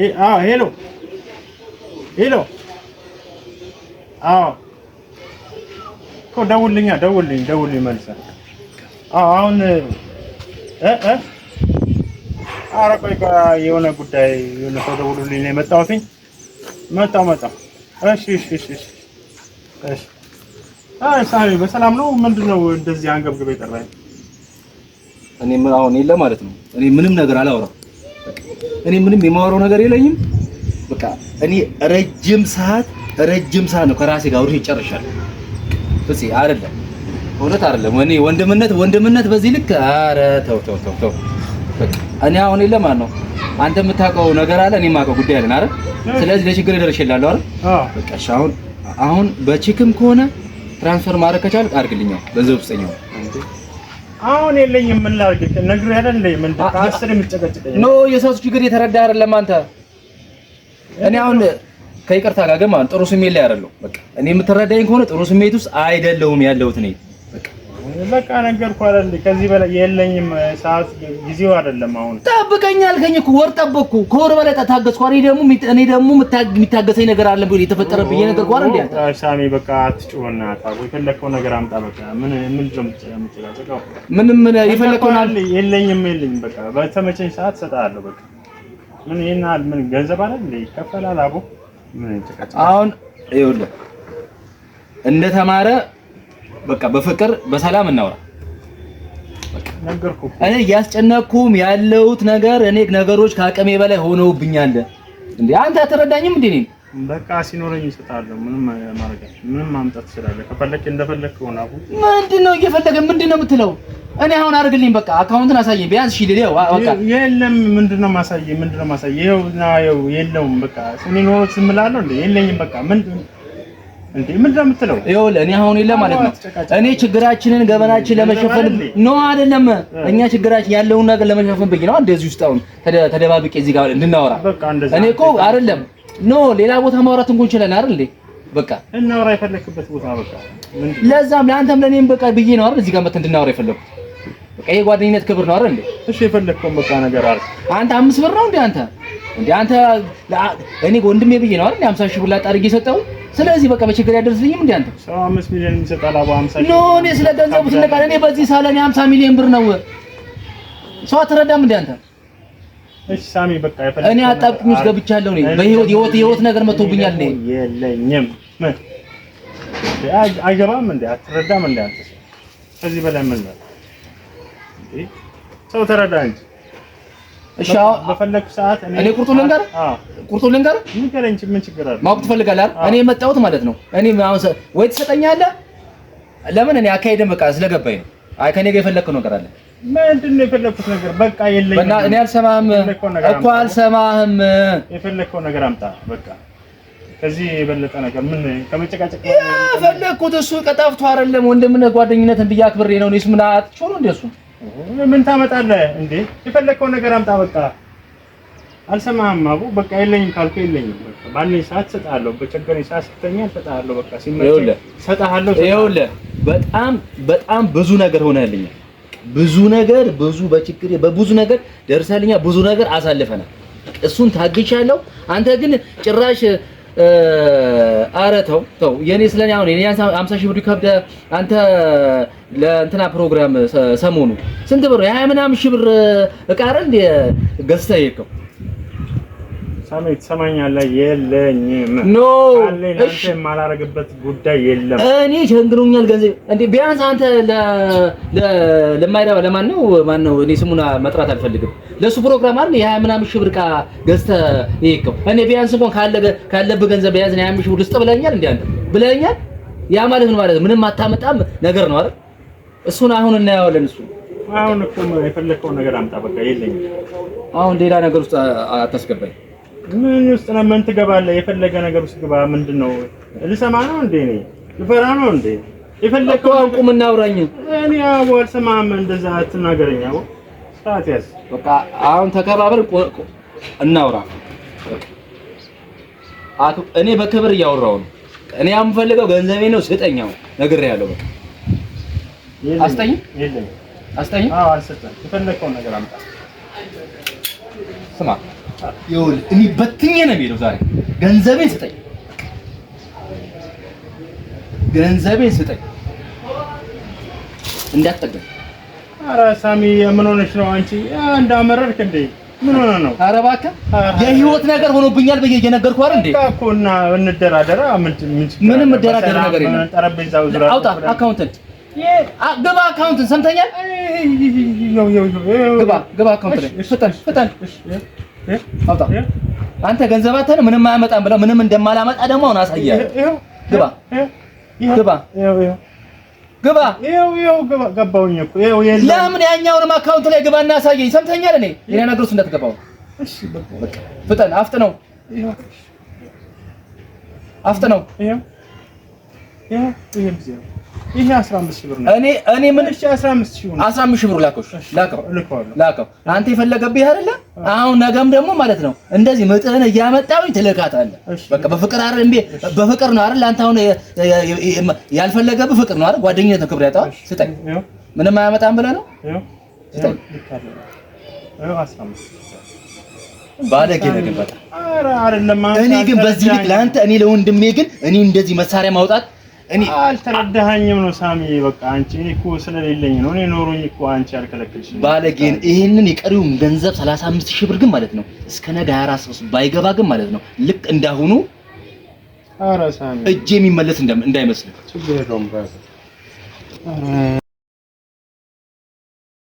ሄሎ ሄሎ፣ አዎ እኮ ደውልኛ፣ ደውልኝ፣ ደውልኝ መልሰህ። አዎ አሁን እ እ ኧረ ቆይ የሆነ ጉዳይ የሆነ ሰው ደውሎልኝ ነው የመጣሁት። መጣሁ መጣሁ። እሺ እሺ እሺ እሺ። አይ ሳሚ በሰላም ነው? ምንድነው እንደዚህ አንገብግበህ የጠራኸኝ? እኔ ምን አሁን የለ ማለት ነው። እኔ ምንም ነገር አላወራም እኔ ምንም የማወራው ነገር የለኝም። በቃ እኔ ረጅም ሰዓት ረጅም ሰዓት ነው ከራሴ ጋር ወርሽ ይጨርሻለሁ። እሺ አይደለም እውነት አይደለም። እኔ ወንድምነት ወንድምነት በዚህ ልክ አረ ተው ተው ተው ተው። እኔ አሁን የለም ነው አንተ የምታውቀው ነገር አለ እኔ የማውቀው ጉዳይ አለን አይደል? ስለዚህ ለችግር ደርሼልሃለሁ አይደል? በቃ እሺ አሁን አሁን በቼክም ከሆነ ትራንስፈር ማድረግ ከቻልክ አድርግልኛው ገንዘብ ውስጠኛው አሁን የለኝ ምን ላድርግ? ነግሬህ አይደል ምን ከአስር የምትጨቀጭቀኝ ኖ የሰው ችግር የተረዳ አይደለም አንተ። እኔ አሁን ከይቅርታ ጋር ግን ጥሩ ስሜት ላይ አይደለሁም። በቃ እኔ የምትረዳኝ ከሆነ ጥሩ ስሜት ውስጥ አይደለሁም ያለሁት እኔ በቃ ነገርኩህ አይደል? ከዚህ በላይ የለኝም። ሰዓት ጊዜው አይደለም። አሁን ጠብቀኝ አልከኝ እኮ ወር ጠበቅኩ። ከወር በላይ ታገስኩ። እኔ ደሙ እኔ ደግሞ የሚታገሰኝ ነገር አለ ብሎ የተፈጠረብኝ ነገር ቋር እንዴ አንተ ሳሚ፣ በቃ አትጮህና ታውቁ። የፈለከው ነገር አምጣ። በቃ ምን ምን ደም የምትላጨቀው ምንም ምን የፈለከው አለ። የለኝም የለኝም። በቃ በተመቸኝ ሰዓት እሰጥሃለሁ። በቃ ምን ይሄን ምን ገንዘብ አይደል ይከፈላል። አቦ ምን ተቀጣ አሁን ይኸውልህ እንደ ተማረ በቃ በፍቅር በሰላም እናውራ። እኔ እያስጨነቅኩም ያለሁት ነገር እኔ ነገሮች ከአቅሜ በላይ ሆነውብኛል። እንዴ አንተ አትረዳኝም እንዴ? እኔ በቃ ሲኖረኝ እሰጥሃለሁ። ምንም ማረጋ ምንም ማምጣት ትችላለህ። ከፈለክ እንደፈለክ ሆነ። አሁን ምንድነው እየፈለገ ምንድነው የምትለው? እኔ አሁን አድርግልኝ በቃ አካውንትን አሳየኝ ቢያንስ። ሺ ልለው በቃ የለም። ምንድነው ማሳየኝ? ምንድነው ማሳየኝ? ይኸው የለውም በቃ እኔ ኖሮ ዝም እላለሁ እንዴ? የለኝም በቃ ምንድነው እኔ አሁን የለ ማለት ነው። እኔ ችግራችንን ገበናችን ለመሸፈን ነው አይደለም። እኛ ችግራችን ያለውን ነገር ለመሸፈን ብዬ ነው እንደዚህ ውስጥ አሁን ተደባብቄ እዚህ ጋር እንድናወራ። እኔ እኮ አይደለም ኖ ሌላ ቦታ ማውራት እንኳን እንችላለን አይደል እንዴ? በቃ እናወራ የፈለክበት ቦታ በቃ ለዛም ለአንተም ለኔም በቃ ብዬ ነው አይደል እዚህ ጋር መተን እንድናወራ የፈለኩት። በቃ ይሄ ጓደኝነት ክብር ነው አይደል እንዴ? እሺ የፈለከው በቃ ነገር አይደል አንተ አምስት ብር ነው እንዴ አንተ እንዴ አንተ እኔ ወንድሜ ብዬ ነው አይደል 50 ሺህ ብር ላጣ አድርጌ የሰጠሁት ስለዚህ በቃ በችግር ያደርስልኝም እንዴ አንተ ሰው 5 ሚሊዮን የሚሰጣል አባ 50 ኖ እኔ ስለ ገንዘቡ ስለቃለ እኔ በዚህ ሳለ እኔ 50 ሚሊዮን ብር ነው ሰው አትረዳም እንዴ አንተ እሺ ሳሚ በቃ ያፈለ እኔ አጣብቅኝ ውስጥ ገብቻለሁ ነው በህይወት የህይወት የህይወት ነገር መጥቶብኛል ነው የለኝም አይገባም እንዴ አትረዳም እንዴ አንተ ከዚህ በላይ ምን ነው ሰው ተረዳ እንጂ እሺ በፈለክ ሰዓት እኔ ቁርጡን ልንገር? ቁርጡን ልንገር? ምን ችግር አለ? ማወቅ ትፈልጋለህ? እኔ የመጣሁት ማለት ነው። እኔ ወይ ትሰጠኛለህ። ለምን እኔ አካሄድን በቃ ስለገባኝ ነው። አይ ከኔ ጋር የፈለግከው ነገር አለ። ምንድን ነው የፈለግኩት ነገር? በቃ የለኝም። እኔ አልሰማህም እኮ አልሰማህም። የፈለግከው ነገር አምጣ በቃ ከዚህ የበለጠ ነገር ምን ከመጨቃጨቅ የፈለግኩት እሱ ቀጣፍቶ አይደለም ወንድምነት ጓደኝነትን ብዬ አክብሬ ነው። እኔስ ምን አጥቼው ነው እንደሱ ምን ታመጣለህ እንዴ? የፈለከውን ነገር አምጣ። በቃ አልሰማህም? አቡ በቃ የለኝም ካልኩ የለኝም። በቃ ባለኝ ሰዓት ሰጣለሁ፣ በቸገረኝ ሰዓት ስትተኛ ሰጣለሁ። በቃ ሲመቸኝ ሰጣለሁ። ይኸውልህ በጣም በጣም ብዙ ነገር ሆነህልኛል። ብዙ ነገር ብዙ በችግር በብዙ ነገር ደርሰህልኛል። ብዙ ነገር አሳልፈናል። እሱን ታግቻለሁ። አንተ ግን ጭራሽ ኧረ ተው ተው፣ የኔ ስለኔ አሁን የኔ 50 ሺህ ብር ከብደ አንተ ለእንትና ፕሮግራም ሰሞኑ ስንት ብር ያ ምናምን ሺህ ብር እቃ አይደል እንደ ገዝተህ የሄድከው ሳሜት ሰማኛለህ? የለኝም። ኖ እሺ፣ የማላረግበት ጉዳይ የለም። እኔ ቸንግሮኛል ገንዘብ እንዴ። ቢያንስ አንተ ለማይረባ ለማን ነው ማን ነው? እኔ ስሙን መጥራት አልፈልግም። ለሱ ፕሮግራም አይደል የሀያ ምናምን ሺህ ብር ዕቃ ገዝተህ ይሄከው። እኔ ቢያንስ እንኳን ካለብህ ገንዘብ ቢያንስ የሀያ ሺህ ብር ልስጥ ብለኸኛል። እንዴ አንተ ብለኸኛል። ያ ማለት ምን ማለት ምንም አታመጣም ነገር ነው አይደል? እሱን አሁን እናየዋለን። እሱ አሁን እኮ የፈለከውን ነገር አምጣ። በቃ የለኝም። አሁን ሌላ ነገር ውስጥ አታስገባኝ። ምን ውስጥ ነው? ምን ትገባለህ? የፈለገ ነገር ውስጥ ግባ። ምንድን ነው ልሰማ ነው እንዴ? እኔ ልፈራ ነው እንዴ? የፈለከው አቁም እና አውራኝ። እኔ አዎ አልሰማህም። እንደዛ አትናገረኝ። አዎ ሰዓት ያዝ። በቃ አሁን ተከባበር እናውራ። አቶ እኔ በክብር እያወራሁ ነው። እኔ የምፈልገው ገንዘቤ ነው። ስጠኛው ነግሬሃለሁ። በቃ አስጠኝ አስጠኝ። አዎ አልሰጠህም። የፈለከውን ነገር አምጣ። ስማ ይኸውልህ እኔ በትኜ ነው የምሄደው ዛሬ። ገንዘቤን ስጠኝ፣ ገንዘቤን ስጠኝ እንዳትጠገኝ። ኧረ ሳሚ ምን ሆነሽ ነው አንቺ? እንዳመረርክ እንዴ? ምን ሆነ ነው? ኧረ እባክህ የህይወት ነገር ሆኖብኛል ብዬ እየነገርኩህ አይደል እንዴ? እኮ እና እንደራደራ ምን ምንም ነገር የለም። ጠረጴዛው ዝራ አውጣ አካውንትን ግባ አካውንትን ሰምተኛል። ግባ ግባ አካውንትን ፍጠን ፍጠን አንተ ገንዘብ አተን ምንም አያመጣም ብለህ ምንም እንደማላመጣ ደግሞ አሁን አሳያለሁ። ግባ ግባ ግባ ገባሁኝ እኮ ለምን ያኛውንም አካውንት ላይ ግባና አሳየኝ። ሰምተኛል። እኔ ሌላ ነገር ውስጥ እንዳትገባው። ፍጠን፣ አፍጥነው፣ አፍጥነው እኔ እኔ ምን እሺ፣ 15 ሺህ ብር 15 ሺህ ብር ላከው ላከው አንተ የፈለገብህ አይደለ? አሁን ነገም ደግሞ ማለት ነው እንደዚህ ምጥህን እያመጣሁኝ ትልካታለህ። በቃ በፍቅር አይደል እንዴ? በፍቅር ነው አይደል? አንተ አሁን ያልፈለገብህ ፍቅር ነው አይደል? ጓደኝነት ነው ክብር ስጠኝ፣ ምንም አያመጣም ብለህ ነው ባለጌ ነገር በጣም። እኔ ግን በዚህ ልክ ለአንተ እኔ ለወንድሜ ግን እኔ እንደዚህ መሳሪያ ማውጣት እኔ አልተረዳኸኝም ነው ሳሚ። በቃ አንቺ እኔ እኮ ስለሌለኝ ነው። እኔ ኖሮኝ እኮ አንቺ አልከለከልሽም። ባለጌን ይሄንን የቀሪውን ገንዘብ 35 ሺህ ብር ግን ማለት ነው እስከ ነገ 24 ሰዓት ባይገባ ግን ማለት ነው ልክ እንዳሁኑ ኧረ ሳሚ እጄ የሚመለስ እንዳይመስልህ